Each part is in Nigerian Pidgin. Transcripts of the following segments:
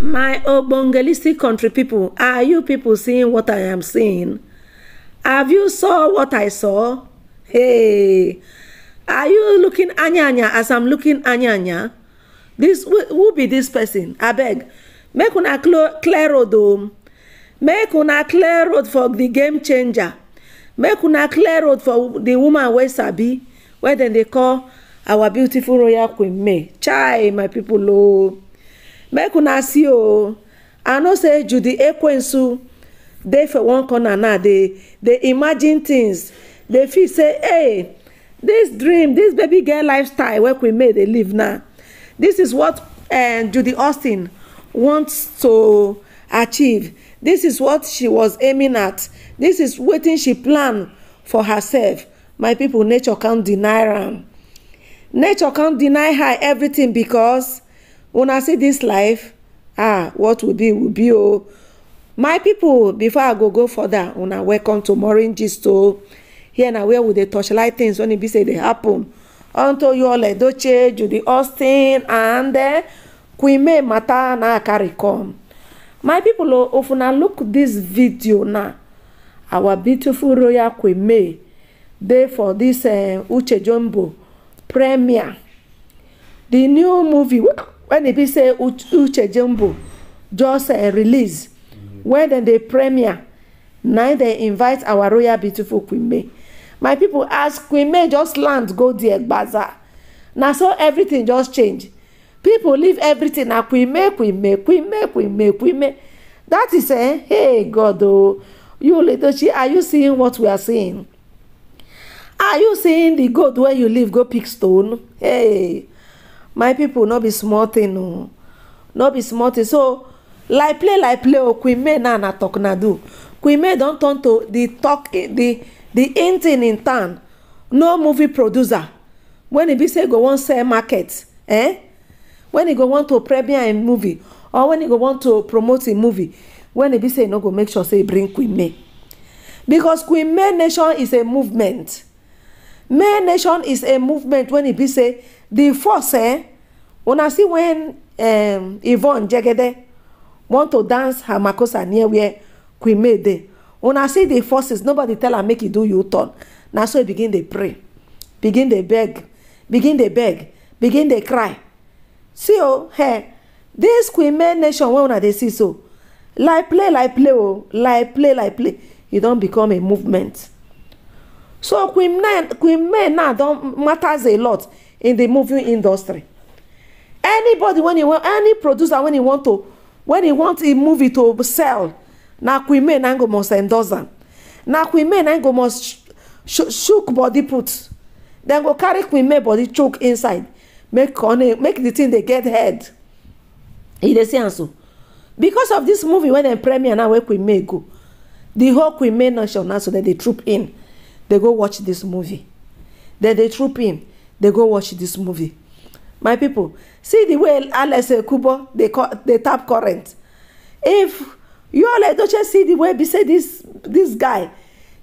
My Obongelistic country people, are you people seeing what I am seeing? Have you saw what I saw? Hey, are you looking anyanya as I'm looking anyanya? This who, who be this person? I beg. make una clear road o. Oh. Make una clear road for the game changer. Make una clear road for the woman wey sabi, wey dem dey call our beautiful royal queen May. Chai, my people o. Oh make una see o i know say judy ekwensu dey for one corner now dey dey imagine things dey feel say hey this dream this baby girl lifestyle wey we may dey live now this is what uh, judy austin wants to achieve this is what she was aiming at this is wetin she plan for herself my people nature can't deny am nature can't deny her everything because una see this life ah what will be will be oh, my people. before i go go further una welcome to morin gist o oh. here na where we dey torchlight things when e be say e dey happen unto you all edoche judy austin and eh, queen may mata na carry come my pipo of oh, una look this video now our beautiful royal queen may dey for dis eh, uche jombo premiere the new movie When e be say uche jumbo, just eh, release wen dem dey premier na im dem invite our royal beautiful queen may my people ask queen may just land go there bazaar. Now so everything just change People leave everything na queen may queen may queen may queen may queen may that is eh hey god oh, you little she are you seeing what we are seeing are you seeing the God where you live go pick stone hey my people no be small thing o no be small thing so like play like play o oh, queen may now na talk na do queen may don turn to the talk the the in thing in town no movie producer when e be say e go wan sell market eh when e go want to premiere im movie or when e go want to promote im movie when e be say e no go make sure say e bring queen may because queen may nation is a movement may nation is a movement when e be say The force eh una see when wen um, yvonne jegede want to dance her makosa near where queen may dey una see the forces nobody tell am make e do u turn na so e begin dey pray begin dey beg begin dey beg begin dey cry see oh hey this queen may nation wey una dey see so like play like play oh like play like play e don become a movement so queen may now don matters a lot in the movie industry anybody when he want any producer when he want to when he want a movie to sell na queen may na go must endorse am na queen may na go must sh shook body put dem go carry queen may body choke inside make corne make the thing dey get head e dey see am so because of this movie wey dem premiere now wey queen may go the whole queen may nation now so dem dey troop in dey go watch this movie dem dey troop in They go watch this movie my people. see the way alex ekubo they tap current if you all edoche see the way beside this this guy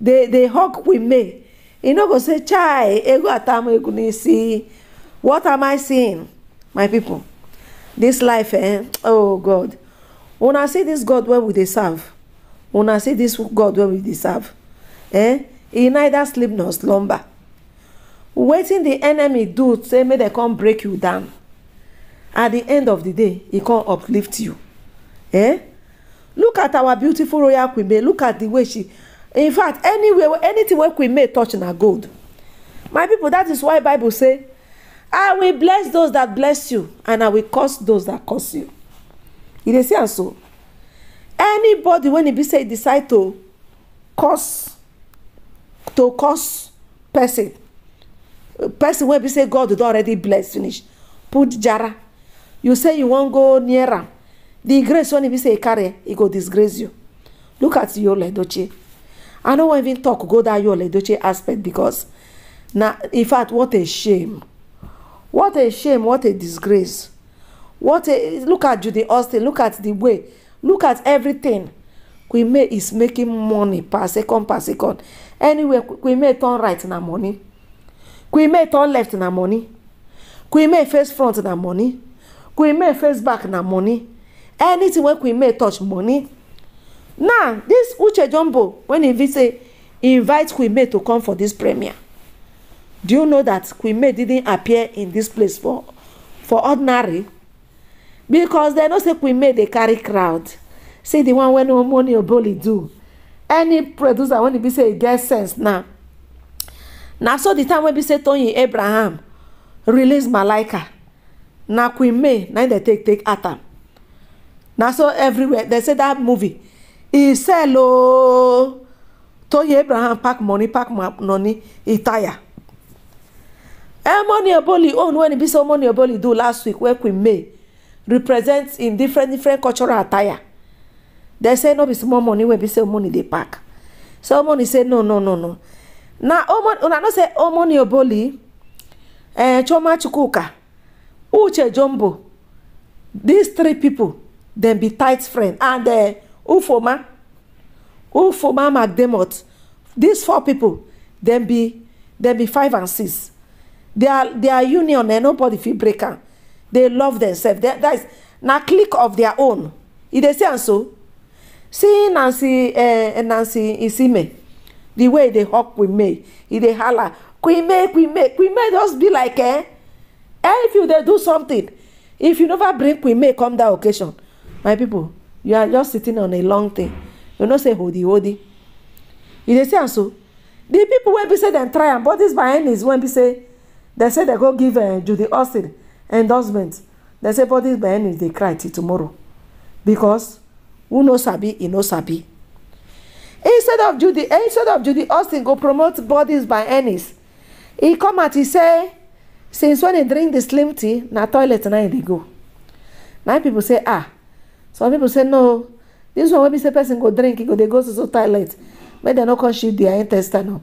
they they hug with me. You know go say chai ego atamu see. what am i seeing my people? This life eh oh god When I see this god where will they serve When I see this god where will they serve eh He neither sleep nor slumber wetin the enemy do say make dem come break you down at the end of the day e come uplift you eh look at our beautiful royal queen may look at the way she in fact anywhere anything wey queen may touch na gold my people that is why bible say i will bless those that bless you and i will curse those that curse you you dey see am so anybody wey e be say e decide to curse to curse person person wey be say god don already bless finish put jara you say you wan go near am the grace wey e be say e carry e go disgrace you look at yul edochie i no wan even talk go that yul edochie aspect because na in fact what a shame what a shame what a disgrace what a look at judy austin look at the way look at everything queen may is making money per second per second anyway queen may turn right na money queen may turn left na money queen may face front na money queen may face back na money anything wey queen may touch money now this uche jumbo when he visit invite queen may to come for this premiere do you know that queen may didn't appear in this place for for ordinary because they know say queen may dey carry crowd say the one when no money oboli do any producer when he be say e get sense now na so di time wey be say Tony abraham release malaika na queen may na im dey take take at am na so everywhere dem say that movie e sell ooo oh, Tony abraham pack money pack money e tire emoni eh, oboli own oh, wey be say emoni oboli do last week wey queen may represent in different different cultural attire dem say no be small money wey be say money dey pack so money say no no no no na una no say Omon oboli eh choma chukuka, uche jombo these three people dem be tight friend and uh, ufoma ufoma mcdermott these four people dem be dem be five and six They are they are union eh, nobody fit breaker. they love themselves they, that is na click of their own e dey say and so see nancy uh, nancy isime the way they hug queen may e dey hala queen may queen may queen may just be like eh if you dey do something if you never bring queen may come that occasion my people you are just sitting on a long thing you know say hodi hodi you dey see am so the people wey be say dem try am but this by any is when be say dem say dem go give uh, judy austin endorsement dem say but this by any dey cry till tomorrow because who no sabi e no sabi instead of judy instead of judy austin go promote bodies by ennis He come out he say since when he drink this slim tea na toilet na they go Nine people say ah some people say no This one when be say person go drink e go they go so so toilet but they no come shoot dia intestine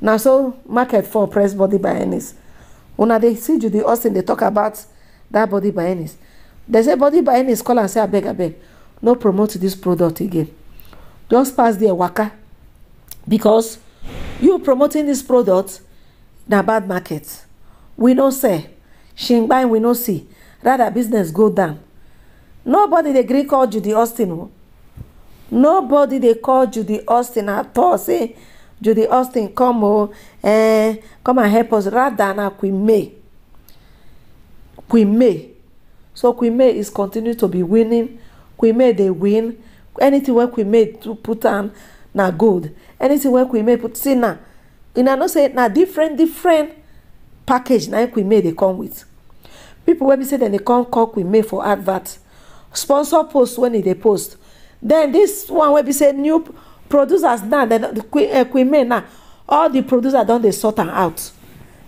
na so market for press body by ennis When they see judy austin they talk about that body by ennis They say body by ennis call and say I beg I beg, no promote this product again just pass there waka because you promoting this product na bad market we no sell shingbai we no see rather business go down nobody dey gree call judy austin o oh. nobody dey call judy austin at all say judy austin come o oh, eh come and help us rather na queen may queen may so queen may is continue to be winning queen may dey win anything work we made to put am na gold anything work we made, put see na una know say na different different package na we made dey come with people wey be say dem dey come call we made for advert sponsor post when e dey post then this one wey be say new producers now we made now all the producers don dey sort am out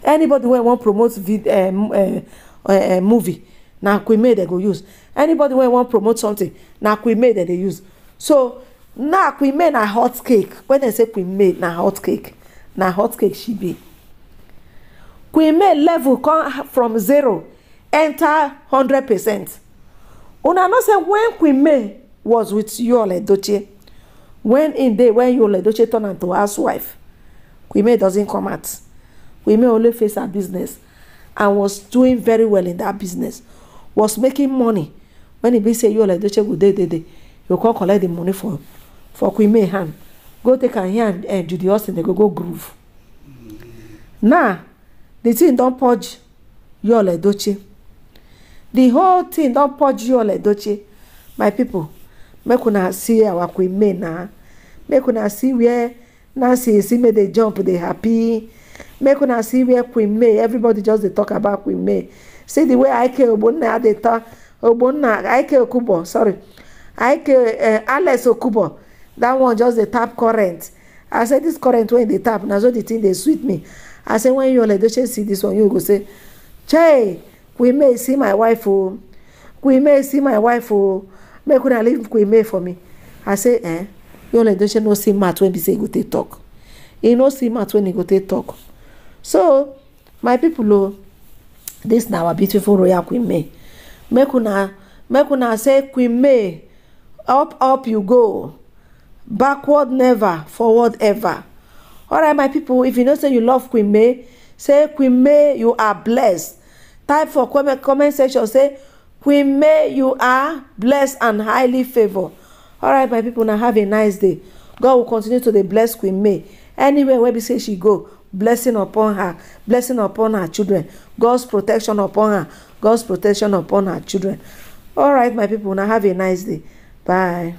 anybody wey wan promote vid eh, eh, eh, movie na made dem go use anybody wey wan promote something na may dem dey use so now queen may na hot cake when dem say queen may na hot cake na hot cake she be queen may level come from zero enter hundred percent una no say when queen may was with yul doche. when in dey when yul doche turn into housewife queen may doesn't come out queen may only face her business and was doing very well in that business was making money when he be say yul doche go day day day. you come collect the money for for queen may hand go take her hand and uh, judy austin dey go go groove now the thing don purge yul edochie the whole thing don purge yul edochie my people make una see our queen may na make una see where nancy esime dey jump dey happy make una see where queen may everybody just dey talk about queen may see the way ike ogbonna dey talk ogbonna ike okubo sorry ike eh, alex okubo dat one just dey tap current i say dis current wey e dey tap na so di thing dey sweet me i say wen you oledoche see dis one you go say chey may see my wife o may see my wife oh make una leave may for me i say eh you oledoche no see mouth wey be say e go take talk e no see mouth wey e go take talk so my pipo o dis na our beautiful royal queen may mekuna say queen may up up you go backward never forward ever alright my people, if you know say you love queen may say queen may you are blessed type for comment section say queen may you are blessed and highly favoured alright my people, now have a nice day god will continue to bless queen may anywhere where we say she go blessing upon her blessing upon her children god's protection upon her god's protection upon her children alright my people, now have a nice day Bye.